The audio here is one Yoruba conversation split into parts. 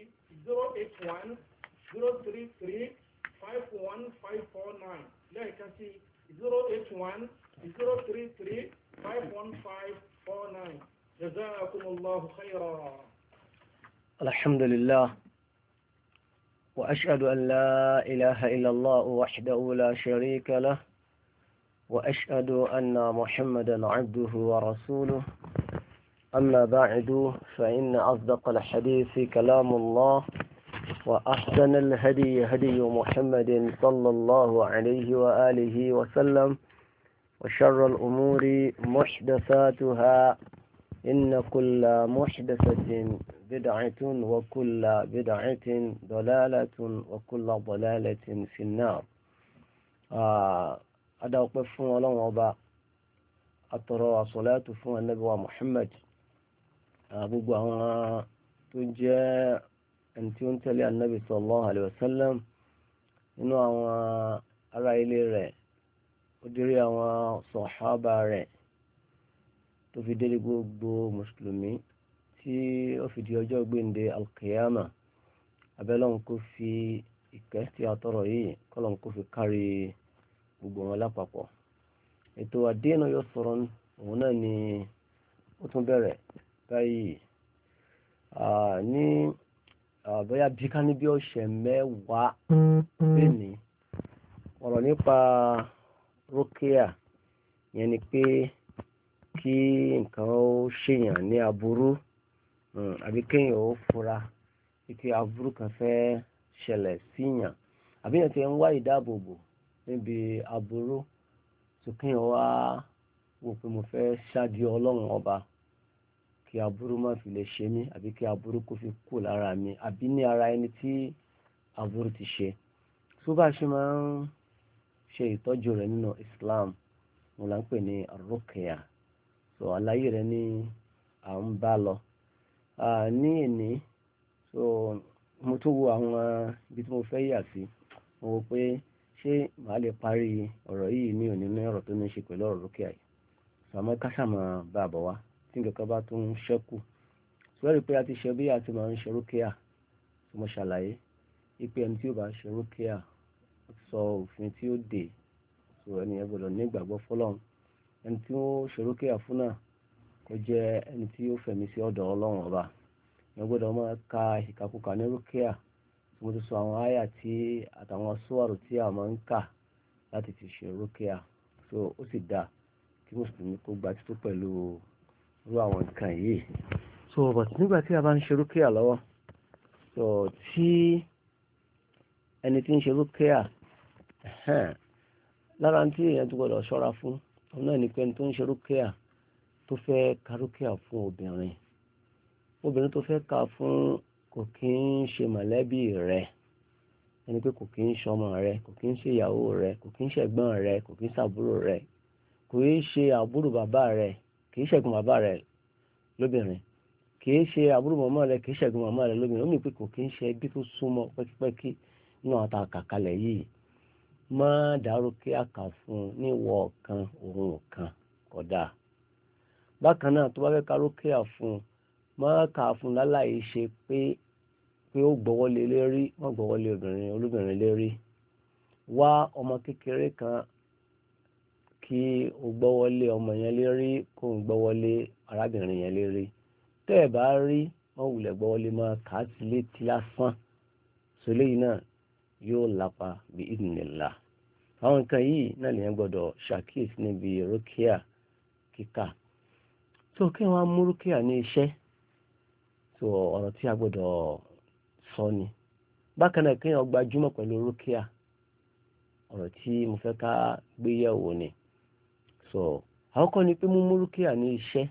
081 033 51549 lẹ́ẹ̀kan sí 081 033 51549 جزاكم الله خيرا الحمد لله وأشهد أن لا إله إلا الله وحده لا شريك له وأشهد أن محمدا عبده ورسوله أما بعد فإن أصدق الحديث كلام الله وأحسن الهدي هدي محمد صلى الله عليه وآله وسلم وشر الأمور محدثاتها إن كل محدثة بدعة وكل بدعة ضلالة وكل ضلالة في النار آه، أدعو قفوا ولو أبا أترى صلاة فوق النبي محمد Ah, gbogbo àwọn tó jẹ́ ẹni tí ó ń tẹ̀lé anabi sallallahu alayhi wa sallam nínú àwọn ará ilé rẹ̀ ó dérí àwọn sọ̀hábà rẹ̀ tó fi délé gbogbo mùsùlùmí tí ó fi di ọjọ́ gbéǹde alkiyama abẹ́lọ́n kò fi ìkẹ́ tí a tọrọ yìí kọ́lọ́n kò fi kárí gbogbo wọn lápapọ̀ ètò àdéhùn yóò sọ̀rọ̀ òun náà ni ó tún bẹ̀rẹ̀ kai, ní bóyá bí ká ní bí ọ̀sẹ̀ mẹ́wàá lónìí ọ̀rọ̀ nípa rókèà yẹn ni pé kí nǹkan ó ṣèyàn ní aburú hm, àbí kéèyàn ó fura pé aburú kan fẹ́ ṣẹlẹ̀ síyàn àbí yẹn ti ń wá ìdáàbòbò níbi aburú tó kéèyàn wá wò mo fẹ́ ṣáájú ọlọ́run ọba. kí aburú má fi lè ṣe mí àbí kí fi kú lára mi àbí ní ara ẹni tí aburú ti ṣe tó bá ṣe máa ń ṣe ìtọ́jú nínú Islam wọn là ń pè ní so àlàyé rẹ̀ ní à ń bá lọ ní èní so mo tún wo àwọn ibi tí mo fẹ́ yà sí mo wò pé ṣé màá lè parí ọ̀rọ̀ yìí ní òní ní ọ̀rọ̀ tó ní ṣe pẹ̀lú ọ̀rọ̀ yìí so àmọ́ a bọ̀ tí nǹkan bá tó ń ṣẹ́kù sọ́rí pé a ti ṣe bí a ti máa ń ṣe rúkìá tí mo ṣàlàyé ipe ẹni tí ó bá ṣe rúkìá sọ òfin tí ó dè sọ ẹni yẹn gbọdọ̀ ní ìgbàgbọ́ fọlọ́run ẹni tí ó ṣe rúkìá fún náà kó jẹ́ ẹni tí ó fẹ̀mí sí ọ̀dọ̀ ọlọ́run ọba yẹn gbọdọ̀ máa ka ìkàkùkà ní rúkìá tí mo ti sọ àwọn àyà tí àtàwọn sọ́ọ̀rù tí a máa ń kà láti fi ṣe rúkìá so ó sì dáa kí mùsùlùmí kó gba títú pẹ̀lú ru àwọn nǹkan yìí so but nígbà tí a bá ń ṣe rúkìá lọ́wọ́ so tí ẹni tí ń ṣe rúkìá lára tí èèyàn tó gbọdọ̀ ṣọ́ra fún òun náà ni pé ẹni tó ń ṣe rúkìá tó fẹ́ ka rúkìá fún obìnrin obìnrin tó fẹ́ ka fún kò kí ń ṣe mọ̀lẹ́bí rẹ̀ ẹni pé kò kí ń ṣọmọ rẹ̀ kò kí ń ṣe ìyàwó rẹ̀ kò kí ń ṣẹ̀gbọ́n rẹ̀ kò kí ń ṣàbúrò rẹ̀ kò í ṣe àbúrò bàbá rẹ̀ kìí í bàbá rẹ̀ lóbìnrin kì í ṣe àbúrò màmá rẹ̀ kìí í ṣẹ̀gùn màmá rẹ̀ lóbìnrin ó mì pé ṣe ẹbí tó súnmọ́ àwọn àtàkà kalẹ̀ yìí kí a kà fún un ní bákan náà tó bá fẹ́ fún un má kà fún un láláyé ṣe pé pé ó gbọ́wọ́lé lérí kan kí o gbọ́wọ́lé ọmọ yẹn lérí kó o gbọ́wọ́lé arábìnrin yẹn lérí tẹ́ ẹ bá rí wọ́n wulẹ̀ gbọ́wọ́lé máa kà á sí létí lásán sọlẹ́ yìí náà yóò lapa bí àwọn nǹkan yìí náà gbọ́dọ̀ ṣàkíyèsí níbi kíkà tó kí wọ́n mú ní iṣẹ́ sọ ni bákan náà gbajúmọ̀ pẹ̀lú ọ̀rọ̀ tí mo fẹ́ ká so àkọ́kọ́ ni pé mú múrúkíà ní iṣẹ́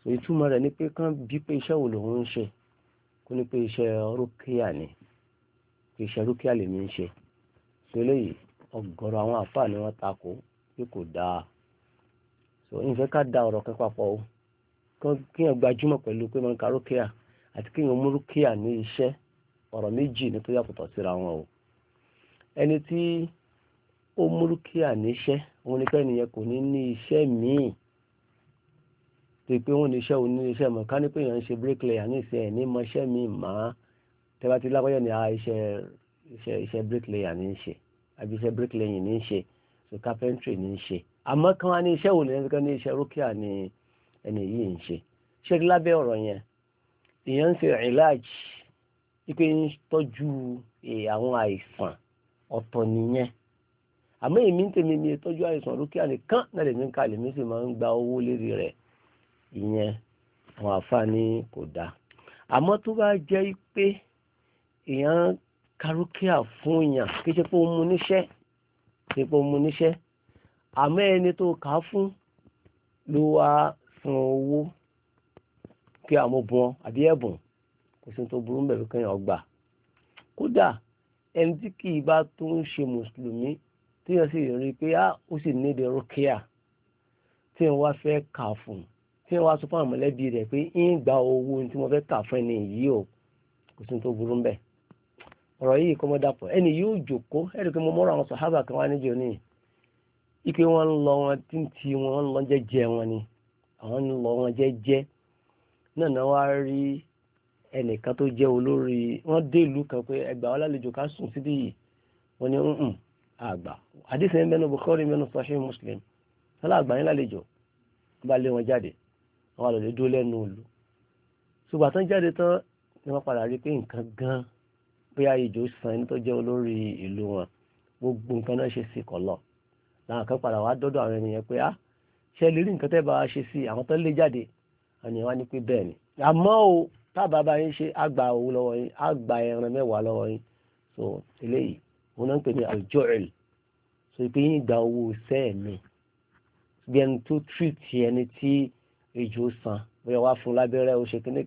so ìtumọ̀ rẹ̀ ni pé kán bí pé iṣẹ́ wo lòun ń ṣe kó ní pé iṣẹ́ ni pé iṣẹ́ rúkíà lèmi ń ṣe so eléyìí ọgọrọ àwọn àfáà ni wọn takò pé kò dáa so ìfẹ́ ká da ọ̀rọ̀ kan papọ̀ o ka àti kí ní iṣẹ́ ọ̀rọ̀ méjì síra wọn o ẹni ó múlù kí àníṣẹ́ òun ni pẹ́ nìyẹn kò ní ní iṣẹ́ míì tó pé wọ́n ní iṣẹ́ òun ní iṣẹ́ mọ̀ ká ní pé èèyàn ń ṣe bricklayer ní ìsìn ẹ̀ ní mọ iṣẹ́ míì mọ́ tẹ́lá ti lápẹ́yẹ̀ ní a iṣẹ́ iṣẹ́ iṣẹ́ bricklayer ní í ṣe àbí iṣẹ́ bricklaying ní ṣe so carpentry ní ṣe àmọ́ kan wá ní iṣẹ́ òun lẹ́yìn kan ní iṣẹ́ rókíà ní ẹni yìí ń ṣe ṣé lábẹ́ ọ̀rọ̀ yẹn èèyàn ń ṣe ìlàjì wípé ń tọ́jú eh, àwọn àìsàn ọ̀tọ̀ nìyẹn àmọ́ èmi ń tèmi mi ìtọ́jú àìsàn rúkìá nìkan náà lèmi ń ka lèmi sì máa ń gba owó lérí rẹ̀ ìyẹn àwọn àfáàní kò dáa àmọ́ tó bá jẹ́ pé èèyàn ka rúkìá fún èèyàn kì í ṣe pé ó mu níṣẹ́ ṣe pé ó mu níṣẹ́ àmọ́ ẹni tó kà á fún ló wá san owó kí àmúbọn àbí ẹ̀bùn kò sí tó burú mẹ́rin kéèyàn gbà kódà ẹni tí kì í bá tó ń ṣe mùsùlùmí tí wọ́n sì rí i pé á ó sì nídìí rúkìá tí wọ́n wá fẹ́ kà fún tí wọ́n wá sọ fún àwọn rẹ̀ pé ń gba owó tí wọ́n fẹ́ kà fún ẹni yìí o kò sí tó burú ọ̀rọ̀ yìí kọ́ mọ́ dàpọ̀ ẹni yóò pé àwọn kan ike wọn lọ wọn tí ń lọ wọn ni àwọn lọ wọn náà náà wá rí ẹnìkan tó olórí wọn dé ìlú kan pé àgbà hadith yẹn mẹ́nu Bukhari mẹ́nu Sahih Muslim tọ́lá àgbà yẹn lálejò wọ́n bá lé wọn jáde àwọn àlọ́lẹ̀ dúró lẹ́nu òlu ṣùgbọ́n àtàn jáde tán ni wọ́n padà rí pé nǹkan gan bóyá ìjọ sàn ní tó jẹ́ olórí ìlú wọn gbogbo nǹkan náà ṣe sí kọ̀lọ̀ làwọn kan padà wá dọ́dọ̀ àwọn ènìyàn pé ah ṣe lè rí nǹkan tẹ́ bá ṣe sí àwọn tó lé jáde àwọn wá ní pé bẹ́ẹ̀ ni àmọ́ o tábà bá yín ṣe àgbà owó lọ́wọ́ yín àgbà ẹran mẹ́wàá lọ́wọ́ yín so eléyìí wọn náà ń pè ní aljoel so pé yín gba owó iṣẹ́ bí ẹni tó tírìtì ẹni tí ejò san bóyá wàá fún lábẹ́rẹ́ ó ṣe kíní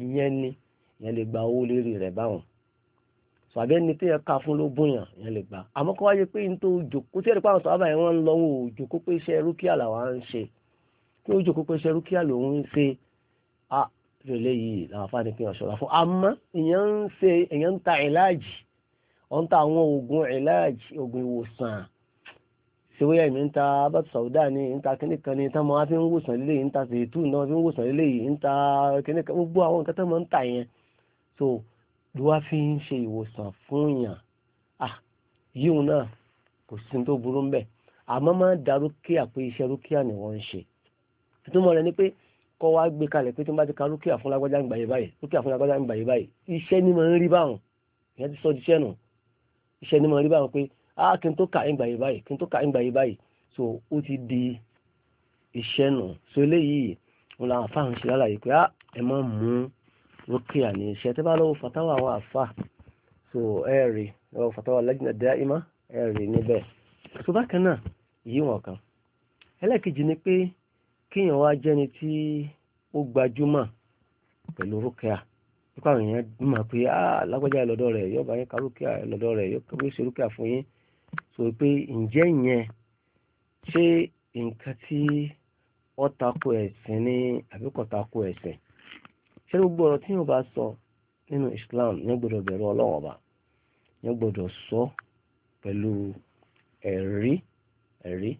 ìyẹn ni ìyẹn lè gba owó lérí rẹ̀ báwọn so àbí ẹni tí yẹn ká fún ló bóyàn ìyẹn lè gbà àmọ́ kó wáyé pé nítorí òjòkó tí ẹ̀rí pàrọ̀ sọ́ọ́bà yẹn wọ́n ń lọ wò òjòkó pé iṣẹ́ rúkìá làwọn ń ṣe pé òjòkó pé iṣẹ́ rúkìá lòun ń ṣe a ah, rèlé yìí làwọn afáàní pé ọ̀ṣọ́ra fún àmọ́ ìyẹn ń ṣe ìyẹn ń ta ìlàjì wọ́n ń ta àwọn oògùn ìlàj oògùn ìwòsàn ṣèwéyà mi ń ta bàtú sàwùdà ni ń ta kíní kan ni tá máa fi ń wòsàn lílé yìí ń ta zètú náà fi ń wòsàn lílé yìí ń ta gbogbo àwọn nǹkan tó máa ń tà yẹn so ló wá fi ń ṣe ìwòsàn fún yàn ah yíwọn náà kò sí tó burú ń bẹ àmọ́ máa ń da rúkìá pé iṣẹ́ rúkìá ni wọ́n ń ṣe ìtumọ̀ rẹ̀ ni pé kọ́ wa gbé kalẹ̀ pé tí wọ́n bá ti ka rúkìá fún lágbájá ń gbàyè báyìí rúkìá fún lágbájá ń gbàyè báyìí iṣẹ́ ni máa ń rí báwọn ìyẹn ti sọ di iṣẹ́ nù iṣẹ́ ni mo rí báwọn pé ah kí n tó kà ìgbà yìí báyìí kí n tó kà ìgbà yìí báyìí so ó ti di iṣẹ́ nù so eléyìí wọn làwọn afáàrùn ṣe lálàyé pé ah ẹ má mú rúkìá ní iṣẹ́ tẹ́ bá lọ́wọ́ fatawa wà fà so ẹ rí lọ́wọ́ fatawa lajna daima ẹ rí níbẹ̀ so bákan náà yìí wọn kan ẹlẹ́ẹ̀kejì ni pé kíyàn wá jẹ́ni tí ó gbajúmọ̀ pẹ̀lú rúkìá nípa na èèyàn mọ̀ pé alágbájá lọ́dọ̀ rẹ̀ yóò bá yín karókíà lọ́dọ̀ rẹ̀ yóò kọ́wé ṣerúkíà fún yín sọ pé ǹjẹ́ ìyẹn ṣé nǹkan tí ó tako ẹ̀sìn ní àbí tako ẹ̀sìn ṣé gbogbo ọ̀rọ̀ tí yóò bá sọ nínú Islam yóò gbọdọ̀ bẹ̀rù Ọlọ́run Ọba yóò gbọdọ̀ sọ pẹ̀lú ẹ̀rí ẹ̀rí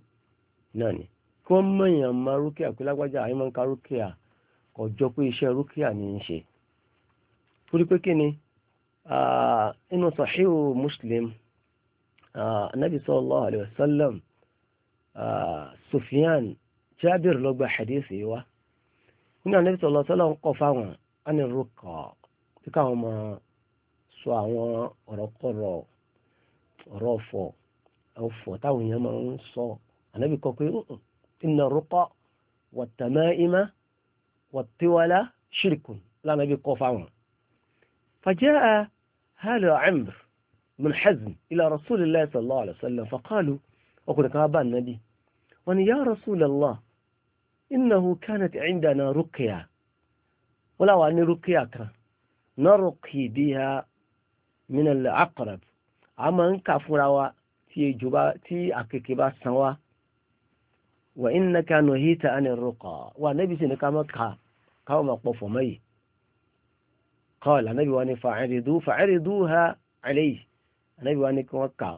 náà ni kí wọ́n máa rúkìá pé lágbájá máa ń ka rúkìá kò torí pé kí ni inú sahihu muslim anabi sallallahu alayhi wa sallam sufyan jabir ló gba hadith yìí wá nínú anabi sallallahu alayhi wa sallam kọ fáwọn anirúkọ tí káwọn máa sọ àwọn ọ̀rọ̀kọ̀rọ̀ ọ̀rọ̀ ọ̀fọ̀ ọ̀fọ̀ táwọn èèyàn máa ń sọ ànábì kọ pé inna ruqa wat tamaima wat tiwala shirkun lánàbì kọ fáwọn فجاء هذا عمر بن حزم إلى رسول الله صلى الله عليه وسلم فقالوا وكنا آه، كابا النبي وأن يا رسول الله إنه كانت عندنا رقية ولا أن رقية نرقي بها من العقرب أما أنك فراوة في جبا في أكيكبا سوا وإنك نهيت عن الرقى ونبي سنكامك كما قفوا kọ́ọ̀lù anábì ni ha àlẹ́yìí anábì ni kí ka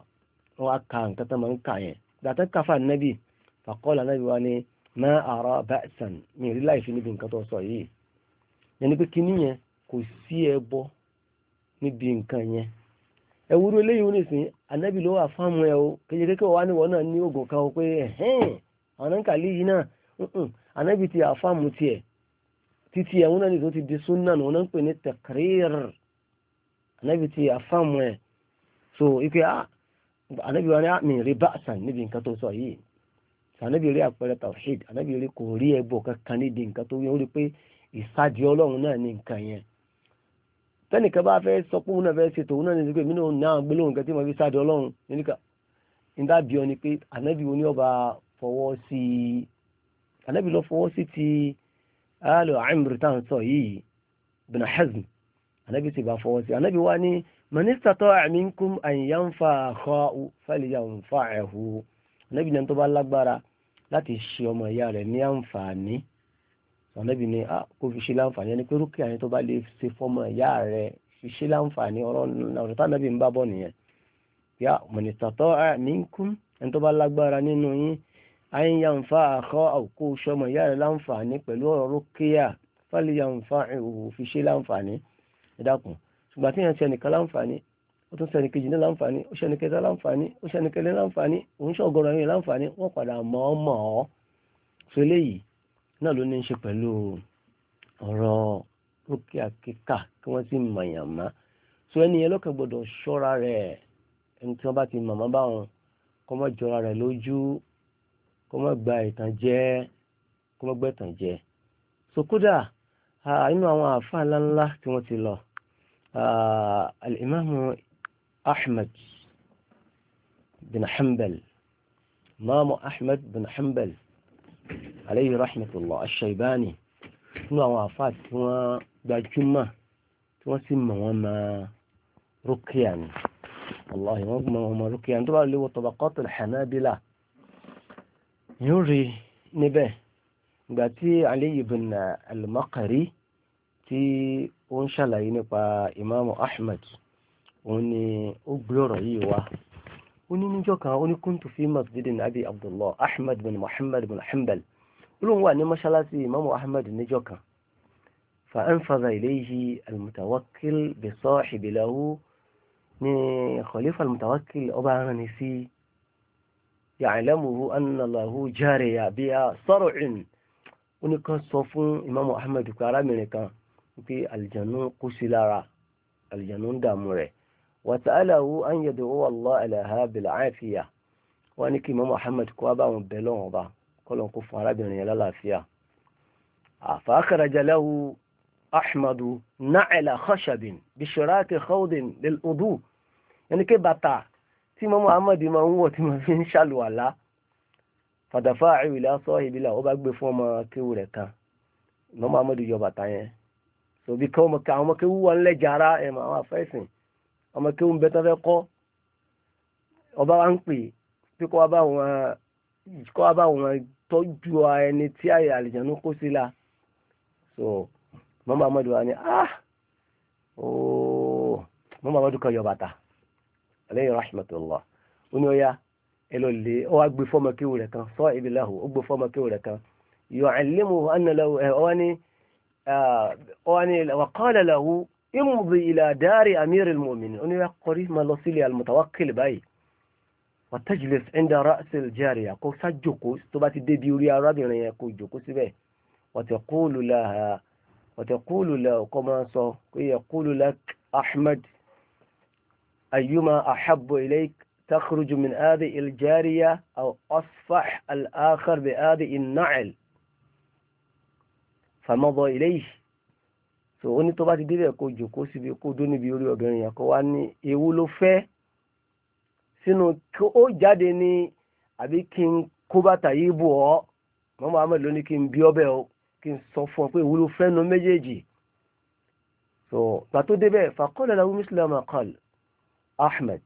nǹkan ma máa ń kà yẹn gbàtà káfà anábì fàkọ́ọ̀lù anábì wa ni má àrà bàtàn mi ẹwúrú eléyìí wọn ló wà fáwọn o kéje ni wọn náà ní kan o pé ẹhẹn ti àfáàmù títí ẹ̀hún náà nìkan ti di súnà náà náà ń pè ní taqrir anábì ti àfàmù ẹ̀ so ipe a ah, anábì wa ní àmì ah, rí báṣà níbi nǹkan tó sọ yìí anábì rí àpẹẹrẹ tawhid anábì rí kò rí ẹbọ kankan níbi nǹkan tó yẹn ó rí pé ìsájì ọlọ́run náà ní nǹkan yẹn tẹ́nìkan bá fẹ́ sọ pé òun náà fẹ́ ṣe tòun náà ní pé mí náà gbólóhùn kan tí mo fi sáájú ọlọ́run níníkà nígbà bí ni pé ànábì oní ọba fọwọ́ sí i ànábì lọ fọwọ́ sí ti alu amr tá à ń sọ yìí bin hazm anabi sì bá fọwọ́ sí anabi wa ní manista tó minkum an yanfa'ahu falyanfa'hu anabi náà tó bá lágbára láti ṣe ọmọ ìyá rẹ̀ ní àǹfààní anabi ní ah, kó fi ṣe láǹfààní ẹni pé rúkìá yẹn tó bá lè ṣe fọmọ ìyá rẹ̀ fi ṣe láǹfààní ọ̀rọ̀ tánàbí ń bá bọ̀ nìyẹn ya manista tó minkum ẹni tó bá lágbára nínú àyìn yànfà àkọ́ àkó sọmọ ìyá rẹ̀ láǹfààní pẹ̀lú ọ̀rọ̀ rókèyà fálẹ̀ yànfà ìhòòhò fi ṣe láǹfààní ẹ̀dàkùn ṣùgbọ́n àti yàn sẹ́nìkan láǹfààní ó tún sẹ́ni kejì náà láǹfààní ó sẹ́ni kẹta láǹfààní ó sẹ́ni kẹlẹ́ láǹfààní òun ṣọ̀gọ́rọ̀ ẹ̀yìn láǹfààní wọ́n padà mọ̀ ọ́ mọ̀ ọ́ so eléyìí náà ló ní í ṣe pẹ̀lú ọ̀rọ̀ rókèyà kíkà kí wọ́n sì mọ̀yàmá so ẹni yẹn lọ́kàn gbọ́dọ̀ ṣọ́ra rẹ̀ ẹni tí wọ́n bá ti mọ̀mọ́ báwọn kọ́mọ́jọra rẹ̀ lójú kó má gba ìtànjẹ kó má gba ìtànjẹ so kódà inú àwọn àfa ńláńlá tí wọ́n ti lọ alimami ahmed bin hanbal maamu ahmed bin hanbal aleyhi rahmatulah ashaibani inú àwọn àfa tí wọ́n gbajúmọ̀ tí wọ́n sì mọ̀ wọ́n máa rúkìá ni wọ́n mọ̀ wọ́n máa rúkìá tó bá lè wọ tabaqatul hanabila yóò rí níbẹ̀ ìgbà tí Ali ibn al-Maqari tí ó ń ṣàlàyé nípa ìmáàmù Ahmad òun ni ó gbé ọ̀rọ̀ yìí wá ó ní níjọ́ kan ó ní kuntu fi masjidin abi abdullah Ahmad bin Muhammad bin Hanbal olóhùn wà ní mọ́ṣáláṣí ìmáàmù Ahmad níjọ́ kan فأنفذ إليه المتوكل بصاحب له ni khalifa al-mutawakkil ọba aran ni sí ya'lamuhu anna lahu jariya biha sar'un ó ní kan sọ fún ìmáàmù ahmed pé arábìnrin kan pé àlìjànú kú sí lára àlìjànú ń dààmú rẹ̀ wa sa'alahu an yad'u Allah laha bil 'afiya wọ́n ní kí ìmáàmù ahmed kó wá báwọn bẹ̀ lọ́wọ́n ọba kọ́lọ́n kó fún arábìnrin yẹn lálàáfíà fa akhraja lahu ahmadu na'la khashabin bi khawdin lil wudu' yẹn ni kí bàtà tí mọ́mọ́ ahmed máa ń wọ̀ tí mo fi ń ṣàlùwàlá fàdàfà àìwìlà sọ ìbílà ó bá gbé fún ọmọ kéwù rẹ̀ kan mọ́mọ́ ahmed yọ bàtà yẹn so bí kọ́ àwọn ọmọ kéwù wọn lẹ́jà ara ẹ̀ àwọn afẹ́sìn ọmọ kéwù ń bẹ́ tán fẹ́ kọ́ ọba wa ń pè pé kọ́ wa bá wọn kọ́ wa bá wọn tọ́jú ẹni tí àlìjánu kó sí la so mọ́mọ́ ahmed wa ni ah ooo mọ́mọ́ ahmed kan yọ bàtà alayhi rahmatullah ó ní ọ̀yá ẹ lọ lè ọ wá gbé fọ́mọ kéwù rẹ̀ kan sọ ibi láhù ó gbé fọ́mọ kéwù rẹ̀ kan yu'allimuhu anna lahu ọ wá ní ọ wá ní wa qala lahu imdi ila dari amiril mu'minin ó ní ọ̀yá kọrí máa lọ sílé al-mutawakkil báyìí wa tajlis inda ra'sil jariya kó sá tó bá ti débi orí arábìnrin yẹn kó jòkó síbẹ̀ wa taqulu laha wa ahmed أيما أحب إليك تخرج من هذه الجارية أو أصفح الآخر بهذه النعل فمضى إليه so ó ní tó bá ti débẹ̀ kó jòkó síbi kó dó níbi orí obìnrin yẹn kó wá ní ewu ló fẹ́ sínú kó ó jáde ní àbí kí n kó bàtà yìí bù ọ́ mọ́mọ́ ahmed ló ní kí n bí ọbẹ̀ o kí n sọ fún ọ pé ewu ló fẹ́ nu méjèèjì so gbà tó débẹ̀ fàkọ́lẹ̀ làwọn mùsùlùmí àkàlù ahmed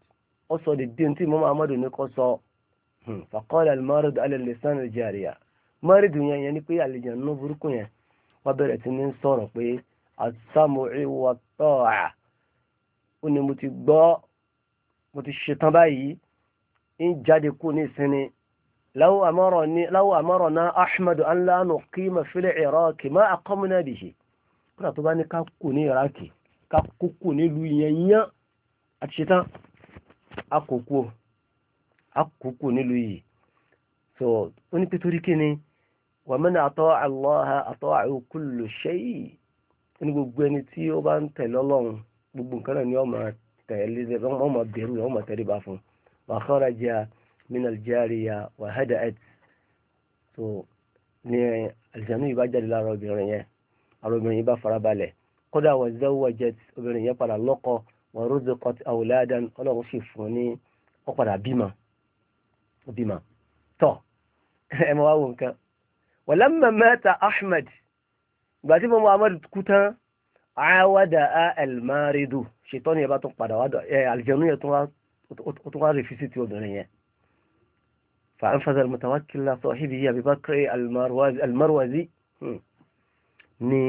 ó sọ di dín tí mọ́mọ́ amadu ní kò sọ hmm, faqala al-marid ala lisan al-jariya marid yẹn yẹn ni pé àlejò nínú burúkú yẹn wọ́n bẹ̀rẹ̀ sí ní sọ̀rọ̀ pé as-sam'i wa ta'a ó ní mo ti gbọ́ mo ti ṣetán báyìí ń jáde kú ní ìsinmi law amarani law ahmed an la nuqima fil iraqi ma aqamna kúrò tó bá ní ká kú ní iraki ká kú kú nílùú yẹn yẹn àti ṣetán akókò akókò nílùú yìí so ó ní pétorí kí ni wa man ata'a Allaha ata'ahu kullu shay ó ní gbogbo ẹni tí ó bá ń tẹ̀lé ọlọ́run gbogbo nǹkan náà ni ọmọ tẹ̀lé ọmọ bẹ̀rù ọmọ tẹ̀lébà fún wa kharaja min al-jariya wa hada'at so ní àlìjánu yìí bá jáde lára obìnrin yẹn àròbìnrin yìí bá farabalẹ̀ kódà wa zawwajat obìnrin yẹn padà lọ́kọ̀ọ́ wọ́n rúdú kọ́tí àwòlẹ́dá ọlọ́run sì fún ní wọ́n padà bímọ bímọ tọ́ ẹ mọ wá wò nǹkan wọ́n lẹ́mọ̀ mẹ́ta Ahmed ìgbà tí mo mọ Ahmed kú tán àwọ̀dà almaridu ṣètọ́ ni ẹ bá padà wá ẹ àlìjẹ̀nú yẹn tún wá rìfísì tí obìnrin yẹn. فأنفذ المتوكل على صاحبه أبي بكر المروزي ni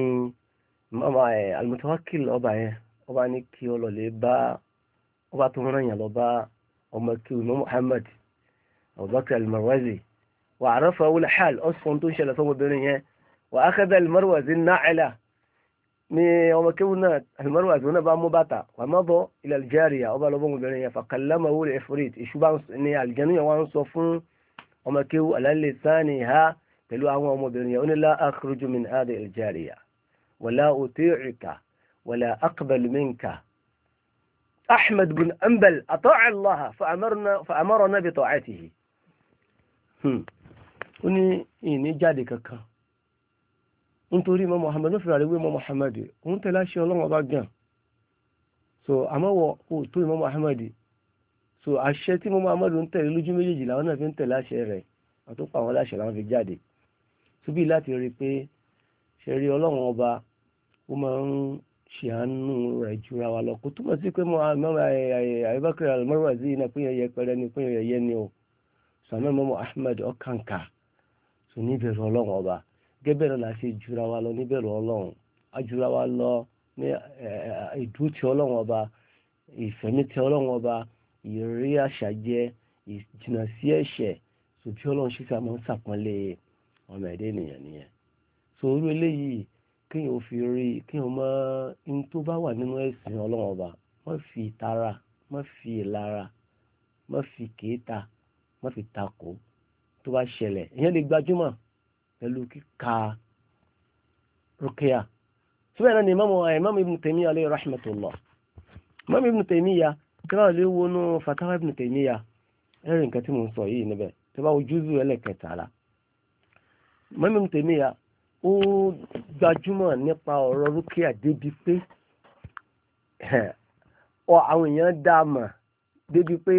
المتوكل ọba yẹn ó bá ní kí ọ lọlẹ bá ó bá tó rán yàn lọ bá ọmọ kí ọmọ Muhammad Abubakar al-Marwazi wà á rọ́fà wọlé hàl ọ̀sán tó ń ṣẹlẹ̀ sọ́mọbìnrin yẹn wà á kẹ́dà al-Marwazi náà ni ọmọ kéwù náà al-Marwazi náà bá mú bàtà wà má bọ́ ilẹ̀ algeria ọba lọ́bọ̀ ọmọbìnrin yẹn fàkàlámà wọlé efurit ìṣubá ni aljanu yẹn wọ́n sọ fún ọmọ kéwù alálẹ̀ sáni ha pẹ̀lú àwọn ọmọbìnrin yẹn ó ní lá akhruju min algeria wàlá òtí ìka wala aqbalu minka ahmed bin ambal ata'a allah fa'amarna bi ta'atihi ó ní ìní jáde kankan nítorí mọ́ Muhammad ló fìrà rẹ̀wé mọ́ Muhammad òun tẹ̀lá ṣe ọlọ́run ọba gan so àmọ́wọ̀ kò tó ìmọ́ Muhammad so àṣẹ tí mọ́ Muhammad ń tẹ̀lé lójú méjèèjì làwọn náà fi ń tẹ̀lé àṣẹ rẹ̀ àti ó pa àwọn aláṣẹ làwọn fi jáde síbí láti rí i pé ṣe rí ọlọ́run ọba ó máa ń ṣe àánú rẹ̀ jura wa lọ kò túmọ̀ sí pé Abubakar al-Marwazi náà pé yẹyẹ ni pé yẹyẹ ni o sàmì mọ́mọ́ Ahmed ọ̀kànkà níbẹ̀rù ọlọ́run ọba gẹ́gẹ́ jura wa lọ níbẹ̀rù ọlọ́run a jura wa lọ ní ọlọ́run ọba ọlọ́run ọba ìrírí ìjìnà sí ẹ̀ṣẹ̀ bí ọlọ́run ṣe sàmọ́ sàpọ́nlé ọmọ ẹ̀dẹ́ nìyẹn so eléyìí kéèyàn ò fi rí kéèyàn mọ ohun tó bá wà nínú ẹ̀sìn ọlọ́run ọba má fi tara má fi ìlara má fi kéèta má fi takò tó bá ṣẹlẹ̀ ìyẹn lè gbajúmọ̀ pẹ̀lú kíka rúkìá síbẹ̀ náà ni imam ibn taymiya alayhi rahmatullah imam ibn taymiya tí wọ́n lè wọnú fatawa ibn taymiya ẹ̀rì nǹkan tí mo ń sọ yìí níbẹ̀ tí wọ́n bá wo júzù ẹlẹ́kẹtàlá imam ibn ó gbajúmọ̀ nípa ọ̀rọ̀ rúkìá débi pé àwọn èèyàn dá a mọ̀ débi pé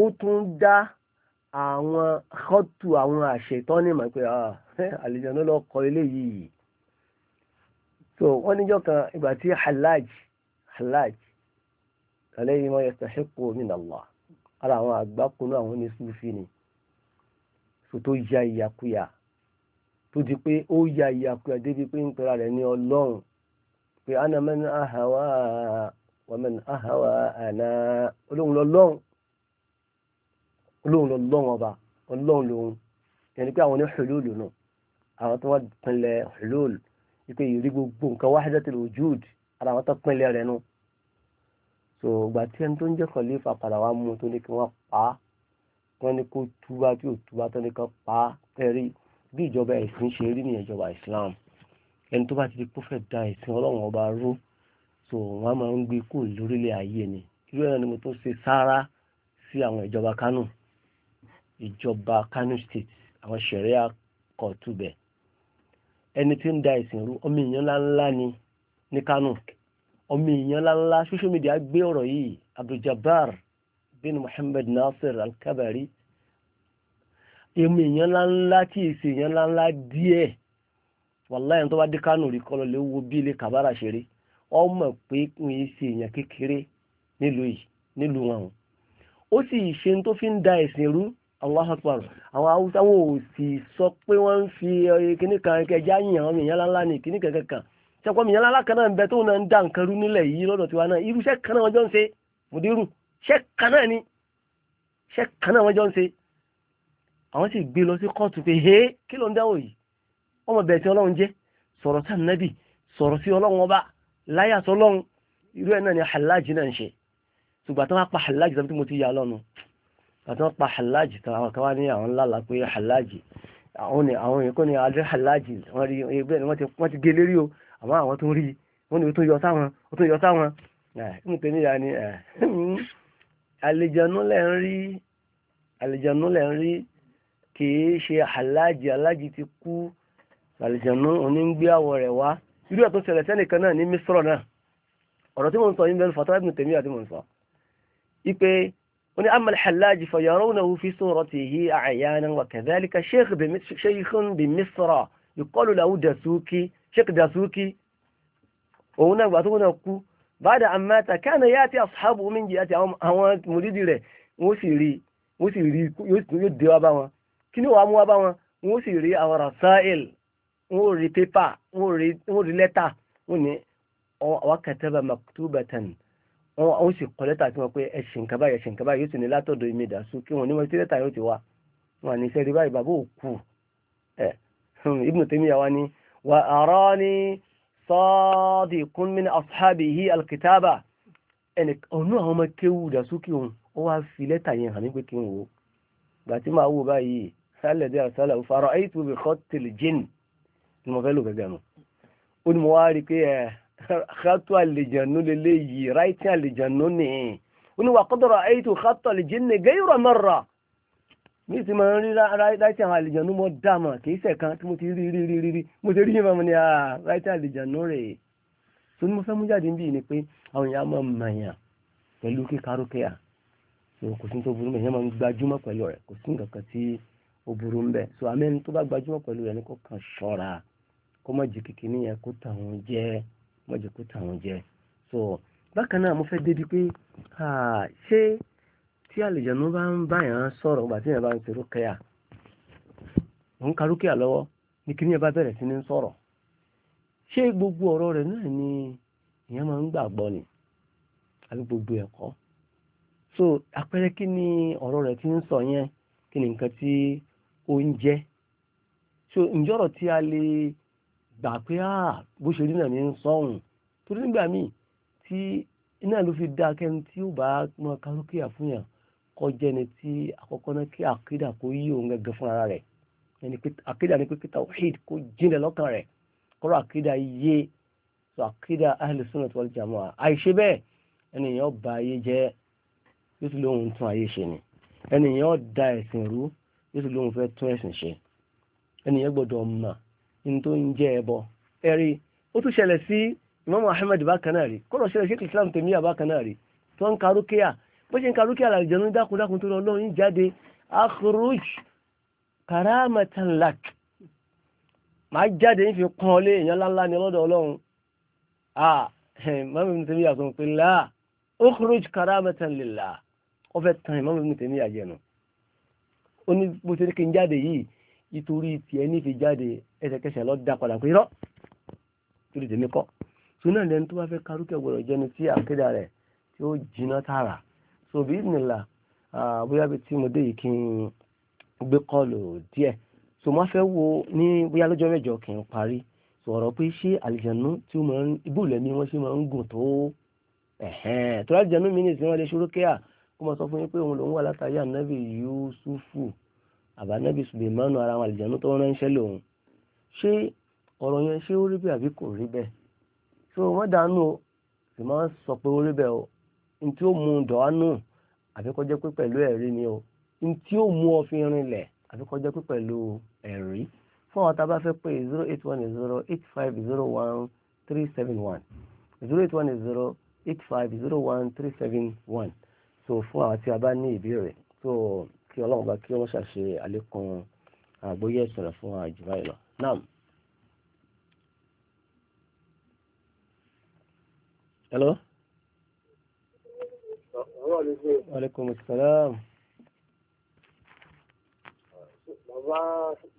ó tún dá àwọn kọ́tù àwọn àṣetọ́ mọ̀ pé àlejò náà lọ kọ eléyìí so wọ́n níjọ́ kan ìgbà tí halaj halaj alayhi ma yastahiqu min Allah ara àwọn àgbákùnú àwọn oníṣúfì ni so tó ya ìyàkuyà tó di pé ó ya ìyàkuyà débi pé ń pera rẹ̀ ní ọlọ́run pé ana mẹ́ni ahawa wa mẹ́ni ahawa àná olóhùn lọ́lọ́run olóhùn lọ́lọ́run ọba ọlọ́run lòun yẹn ni pé àwọn ní hulul nù àwọn tó wá pinlẹ̀ hulul ipe ìrí gbogbo nǹkan wahdatul wujud ara àwọn tó pinlẹ̀ rẹ̀ nù so ìgbà tí ẹni tó ń jẹ́ kọ̀lífà padà wá mú tó ní kí wọ́n pa á wọ́n ní kó túbá tí ò túbá tó ní kó pa á ẹ̀rí bí ìjọba ẹ̀sìn ṣe rí ní ìjọba Islam ẹni tó bá ti di kó da ẹ̀sìn ọlọ́run ọba ró so wọ́n máa ń gbé kú lórílẹ̀ ayé ni irú ẹ̀rọ ni mo tó ṣe sáárá sí àwọn ìjọba Kano ìjọba Kano State àwọn ṣẹ̀ríà kọ̀ọ̀tù bẹ̀ ẹni tí ń da ẹ̀sìn rú ọmọ èèyàn ńláńlá ni ní Kano ọmọ èèyàn ńláńlá social media gbé ọ̀rọ̀ yìí Abdul Jabbar bin Muhammad Nasir Al-Kabari èmi èèyàn ńláńlá tí èsì èèyàn ńláńlá díẹ̀ wàláhì ẹni tó bá dé kánò rí kọ́ lọ lè wo bí ilé kàbára ṣe rí ọmọ pé n yìí ṣe èèyàn kékeré nílùú yìí nílùú wọn ó sì ṣe tó fi ń da ẹ̀sìn rú Allahu Akbar àwọn haúsá wọn ò sì sọ pé wọ́n ń fi eh, kíní kan kẹjá yàn ọmọ èèyàn ńláńlá ní kíní kankan kan ṣẹ́kọ́ èèyàn ńláńlá kan náà ń bẹ tóun náà ń da nǹkan rú nílẹ̀ yìí lọ́dọ̀ tiwa náà irú kan náà wọ́n jọ ń ṣe mùdírù iṣẹ́ kan náà ni iṣẹ́ kan náà wọ́n jọ ń ṣe àwọn sì gbé lọ sí kóòtù pé hé kí ló ń dáwọ́ yìí ọmọ bẹ̀rẹ̀ tí ọlọ́run jẹ́ sọ̀rọ̀ sí ànábì sọ̀rọ̀ sí ọlọ́run ọba láyà sọ ọlọ́run irú ẹ̀ náà ni aláàjì náà ń ṣe ṣùgbọ́n àtàwọn apá aláàjì tàbí tí mo ti yà lọ́nu àtàwọn apá aláàjì tàwọn kan wá ní àwọn ńláńlá pé aláàjì àwọn ni àwọn èèyàn kọ́ ni alẹ́ aláàjì wọ́n rí ẹgbẹ́ ni wọ́n ti gé lérí o àmọ́ àwọn tó ń rí wọ́n ni ó tún yọ sáwọn ó tún yọ sáwọn kìí ṣe aláàjì aláàjì ti kú àlìjànú onígbé àwọ̀ rẹ̀ wá irú ẹ̀ tó ṣẹlẹ̀ sẹ́nìkan náà ní mísírọ̀ náà ọ̀rọ̀ tí mo ń sọ yín bẹ́ẹ̀ fatawa ibn Taymiyyah àti mo ń sọ ipe ó ní amal aláàjì fayarawnahu fi suratihi a'yanan wa kadhalika shaykhun bi mísírọ̀ yuqalu lahu dasuki sheikh dasuki òun náà gbà tó náà kú bada amata kana yati ashabu min jihati àwọn mùdídì rẹ̀ wọ́n sì rí yóò dé wá bá wọn kí ni wàá mú wá bá wọn wọn ó sì rí àwọn rasail wọn ó rí pépà wọn ó rí lẹ́tà wọn ní àwọn kataba maktubatan wọn ó sì kọ lẹ́tà tí wọn pé ẹ ṣe nǹkan báyìí ẹ ṣe nǹkan báyìí yóò sì ní látọ̀dọ̀ èmi ìdásù kí wọn ní wọn ti lẹ́tà yóò ti wá wọn ní sẹ́rí báyìí bàbá òkú ẹ Ibn Taymiyyah wa ni wà arani sadiqun min ashabihi alkitaba ẹnì àwọn ọmọ kéwù ìdásù kí wọn ó wá fi lẹ́tà yẹn hàn mí kí n wò gbàtí máa wò báyìí sálẹ̀dẹ́ àṣálà òfarọ̀ ayé tó bẹ̀ kọ́tìlì jìn ni mo fẹ́ lò gẹ́gẹ́ nu ó ní mo wá rí i pé ẹ xatu àlejànú lélẹ́ yìí ráìtì àlejànú ni ó ní wà kọ́tọ̀rọ̀ ayé tó xatu àlejìn ni gẹ́yìrọ̀ mọ́rọ̀ mi sì máa ń rí ráìtì àwọn àlejànú mọ́ dáàmà kì í sẹ̀ kan tí mo ti rí rí rí rí mo ti rí yín mọ́ ni ráìtì àlejànú rèé tó ní mo fẹ́ mú jáde níbí ni pé àwọn èèyàn máa mọ̀yàn pẹ̀lú kíkarókè à kò sí tó burú mẹ́yàn máa ń gbajúmọ̀ pẹ̀lú rẹ̀ kò sí nǹkan kan tí ó ń so àmẹ́ni tó bá gbajúmọ̀ pẹ̀lú rẹ̀ kàn kó má kó tàwọn so bákan náà mo fẹ́ débi pé ṣé tí àlejànú bá ń báyàn tí yẹn bá ń ṣe ń ka ní kí ni yẹn bá sí ní ṣé gbogbo náà ni ìyẹn máa ń ni àbí gbogbo so àpẹẹrẹ kí ni ti ń sọ oúnjẹ so ǹjọ́rọ̀ tí a lè gbà pé à bó ṣe rí náà ní sọ́hùn torí nígbà míì tí iná ló fi dá akẹ́ni tí ó bá mọ kárókìá fún yàn kọjá ẹni tí àkọ́kọ́ náà kí àkídà kó yí òun gẹ́gẹ́ ara rẹ̀ ẹni pé ni pé kí tawhid kó jinlẹ̀ lọ́kàn rẹ̀ kọ́rọ̀ yé so àìṣe bẹ́ẹ̀ ba ayé jẹ́ yóò da ẹ̀sìn yóò sì lóun fẹ́ tún ẹ̀sìn ṣe ẹnìyẹn gbọ́dọ̀ mà ní tó ń jẹ́ ẹbọ ẹ̀rí ó tún ṣẹlẹ̀ sí Imam Ahmed bákan náà rí kọ́lọ̀ ṣẹlẹ̀ sí Islam Taymiyyah bákan náà rí tó ń ka rúkìá bó ṣe ń ka rúkìá làlùjẹ́ ní dákúndákun tó lọ lọ́run jáde akhruj karamatan lak máa jáde ń fi kún ọ èèyàn ńláńlá ni lọ́dọ̀ ọlọ́run ah Imam Ibn Taymiyyah sọ pé láà akhruj karamatan lillah ọ fẹ́ tan Imam Ibn Taymiyyah jẹ́ nù ó ní bó ṣe ní kí n jáde yìí nítorí tiẹ̀ ní fi jáde ẹsẹ̀kẹsẹ̀ lọ da padà pé rọ́ torí tèmi kọ́ tó náà lẹ́nu tó bá fẹ́ karúkẹ́ gbọ́dọ̀ jẹni tí àkédà rẹ̀ tí ó jiná tààrà so bí nìlà bóyá bí tí mo dé yìí kí n gbé kọ́ọ̀lù díẹ̀ so mo fẹ́ wo ní bóyá lọ́jọ́ mẹ́jọ kì í parí sọ̀rọ̀ pé ṣé àlìjẹ̀nú tí ó máa ń ibùlẹ̀ ni wọ́n ṣe máa ń gùn tó tó àlìjẹ̀nú mi ní ìsinmi wọn lè ṣòro kẹ́à ó máa sọ fún yín pé òun lòun wà látàrí ànábì yusufu àbánábì sulemanu ara àwọn àlìjánu tó ránṣẹ́ lòun ṣé ọ̀rọ̀ yẹn ṣé ó rí bẹ́ẹ̀ àbí kò rí bẹ́ẹ̀ ṣé wọ́n dànù o sì máa ń sọ pé ó rí bẹ́ẹ̀ o n tí ó mú un dọ̀ánù àbí kó pé pẹ̀lú ẹ̀rí ni o n tí ó mú ọ fi rinlẹ̀ àbí kó pé pẹ̀lú ẹ̀rí fún àwọn tá a bá fẹ́ pé zero eight one zero eight five zero one three seven one zero eight one zero eight five zero one three seven one so fún àwọn tí a bá ní ìbéèrè so kí ọlọ́run bá kí wọ́n ṣàṣe àlékún àgbóyè ìṣẹ̀lẹ̀ fún àjùmá ìlọ náà. hello. aleykum salaam. bàbá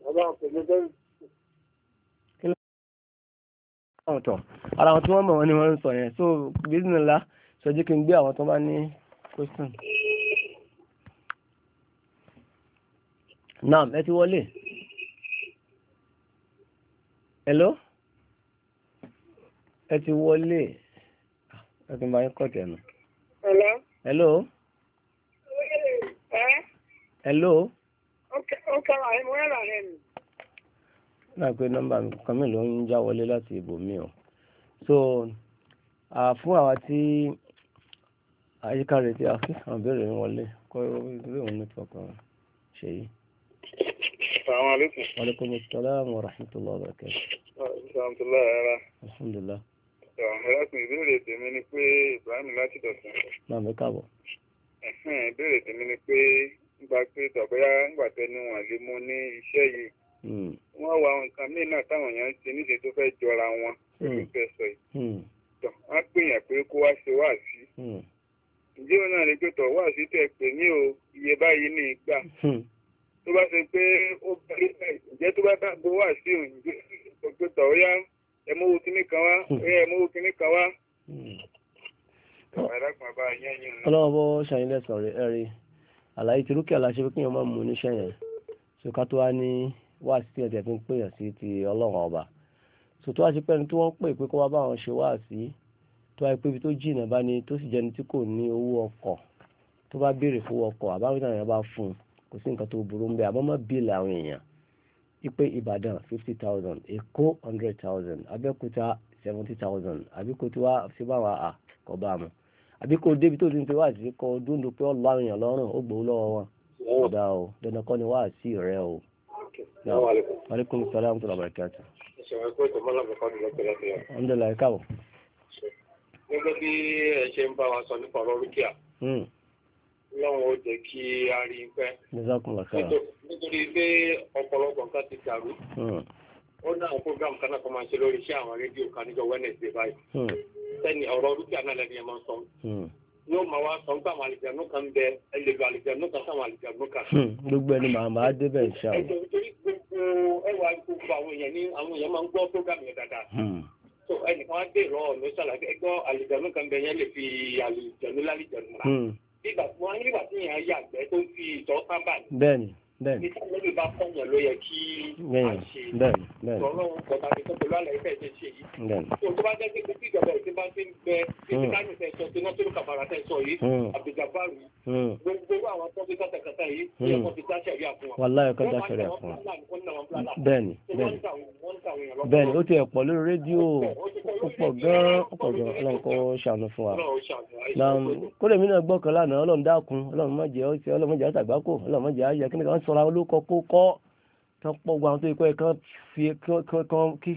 bàbá àpèjẹ bẹ́ẹ̀ àwọn tó ara wọn tí wọ́n mọ̀ wọn ni wọ́n ń sọ yẹn so business la sọ jẹ́ kí n gbé àwọn tó bá ní question. naam ẹ ti wọlé. hello ẹ ti wọlé ah, ẹ ti bá yín kọ̀ tẹ̀nu. hello. hello. hello. ó kẹ́ra ẹ̀ mú ẹ̀rà rẹ̀ mi. náà pé nọ́mbà kan mi ló ń já wọlé láti ibòmíì o so ah, fún àwa tí. àyíká rẹ̀ a fi àwọn ìbéèrè wọlé kọ́ ìwé òun ní tọkàn ṣe yìí. Assalamu alaikum. Wa alaikum assalam wa rahmatullahi wa barakatuh. Alhamdulilayi ara. Alhamdulilayi. Ìrọ̀mọ́lákùn ìbéèrè tèmi ni pé Ibrahim láti dọ̀sán. Máa mi káàbọ̀. Ìbéèrè tèmi ni pé nípa pé tọ̀bọ́yá nígbà ǹjẹ́ òun náà ní pé tọ̀ wá sí tẹ̀ pé ní o iye báyìí ní ìgbà hmm. tó bá ṣe pé ó bẹ̀rẹ̀ ǹjẹ́ tó bá dàgbò wá sí òun pé tọ̀ ó yá ẹmọ́wó kíní kan wá ó hmm. yá ẹmọ́wó kíní kan wá. ọlọ́wọ́ bó ṣàyìn lẹ́sàn-án rẹ̀ ẹ̀rí àlàyé ti rúkẹ́ àlàṣẹ pé kíyàn máa mú oníṣẹ́ yẹn ṣùkà tó wá ní wá sí ẹ̀jẹ̀ tó ń pè yàn sí ti ọlọ́run ọba ṣùtú àṣepẹ́ni tí wọ́n pè pé kó wá báwọn ṣe wá sí i tó wáyé pé ibi tó jìnnà bá ní tó sì jẹni tí kò ní owó ọkọ̀ tó bá béèrè fún ọkọ̀ àbáwọn ìtàn yẹn bá fún un kò sí nǹkan tó burú ń bẹ àmọ́ bíìlì àwọn èèyàn ipe Ìbàdàn fifty thousand Èkó hundred thousand Abẹ́òkúta seventy thousand àbíkó tí wá sí báwa à kọ́ bá mu àbíkó débi tó ti ń pe wá sí kọ́ dúndùn pé ọ̀la àwọn èèyàn lọ́rùn ó gbowó lọ́wọ́ wọn ọ̀dà o dandan kọ́ ni wá sí rẹ o. Wa alaikum salaam wa rahmatullahi wa barakatuh. Alhamdulillah ẹ káàbọ̀ gẹ́gẹ́ bí ẹ ṣe ń bá wa sọ nípa ọ̀rọ̀ rúkìá hmm. lọ́wọ́n ó jẹ́ kí a rí i pẹ́ nítorí pé ọ̀pọ̀lọpọ̀ nǹkan ti dàrú hmm. ó ní àwọn program kan náà kan máa ń ṣe lórí iṣẹ́ àwọn rédíò kan níjọ́ Wednesday báyìí sẹ́ni hmm. ọ̀rọ̀ rúkìá náà lẹ́nu yẹn máa ń sọ yóò máa wá sọ nípa àwọn àlìjànú kan bẹ ẹlẹ́lu àlìjànú kan sáwọn àlìjànú kan. gbogbo ẹni màá máa débẹ̀ ṣáà. ẹ̀jọ̀ nítorí gbogbo ẹwà gbogbo àwọn èèyàn ní àwọn èèyàn máa ń gbọ́ program yẹn dáadáa so ẹnìkan á dèrò ọ̀nà ṣàlàyé ẹgbọ́ àlìjànú kan bẹ yẹn lè fi àlìjànú lálìjànú mọ́ra. Hmm. bí ìgbà tí wọ́n nígbà tí yẹn tó ń fi ìtọ́ sábà ní bẹ́ẹ̀ni níbi bá kọyàn ló yẹ kí a ṣe ọlọ́run kọta mi tó pẹ̀lú àlàyé fẹẹ ṣe ṣe yìí tó tó bá jẹ pé kí ìjọba ìṣe bá ti ń bẹ títí láti fẹẹ sọ tí nọtìrì kàbàrà fẹẹ sọ yìí àbíjàbáàrù hmm. hmm. gbogbo àwọn tó fi kàtàkàtà yìí yẹ kó hmm. fi dá sẹríà fún wa. wàláyé kó dá sẹríà fún wa bẹ́ẹ̀ni bẹ́ẹ̀ni bẹ́ẹ̀ni ó ti ẹ̀ pọ̀ lórí rédíò ó pọ̀ gan-an ó pọ̀ gan-an ṣàánú fún wa kó lèmi náà gbọ́kànlá náà ọlọ́run dákun ọlọ́run má ọlọ́run má jẹ́ ọlọ́run má jẹ́ ayé ni ká sọ̀rọ̀ àwọn olókọ kó kọ́ kan pọ̀ gbogbo àwọn tó yẹ kọ́ ẹ̀ kan fi kan kí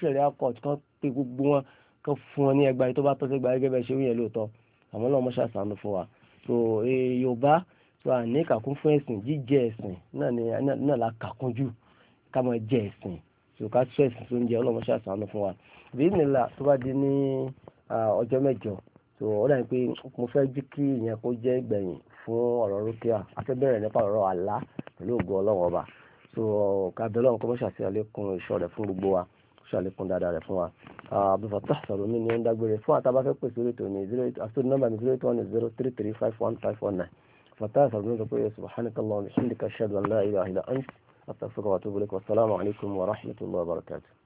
sẹ̀ríà court kan pe gbogbo wọn kan fún ọ ní ẹgbàá yìí tó bá tọ́ sí ẹgbàá gẹ́gẹ́ bẹ́ẹ̀ ṣe wúyẹn lóòótọ́ àmọ́ náà mọ́ṣá sànù fún wa so e, yorùbá so àní kàkún fún ẹ̀sìn jíjẹ ẹ̀sìn náà la kàkún jù ká máa jẹ ẹ̀sìn so ká sọ ẹ̀sìn tó ń jẹ ọlọ́mọ ṣáà sànù fún wa bínílà tó bá di ní ọjọ́ mẹ́jọ so ó dàbí pé mo fẹ́ jí kí ìyẹn kó jẹ́ ìgbẹ̀yìn fún ọ̀rọ̀ rúkìá àti bẹ̀rẹ̀ nípa ọ̀rọ̀ àlá pẹ̀lú ògùn ọlọ́wọ́n ọba so kábẹ́ ọlọ́run kọ́ mọ́ṣáṣí àlékún iṣọ́ rẹ̀ fún gbogbo wa ṣe àlékún dáadáa rẹ̀ fún wa àbúfà tá sọ̀rọ̀ mi ní ẹ̀ ń dágbére fún àtàbá fẹ́ pèsè orí ètò ní zero eight àtúndì nọ́mbà mi zero eight one zero three three five one five one nine fàtà sọ̀rọ̀ mi lọ́pọ̀ yẹ subhanaka allahumma wa bihamdika ashhadu an la ilaha illa ant astaghfiruka wa atubu ilaik wa salaamu alaykum wa rahmatullahi wa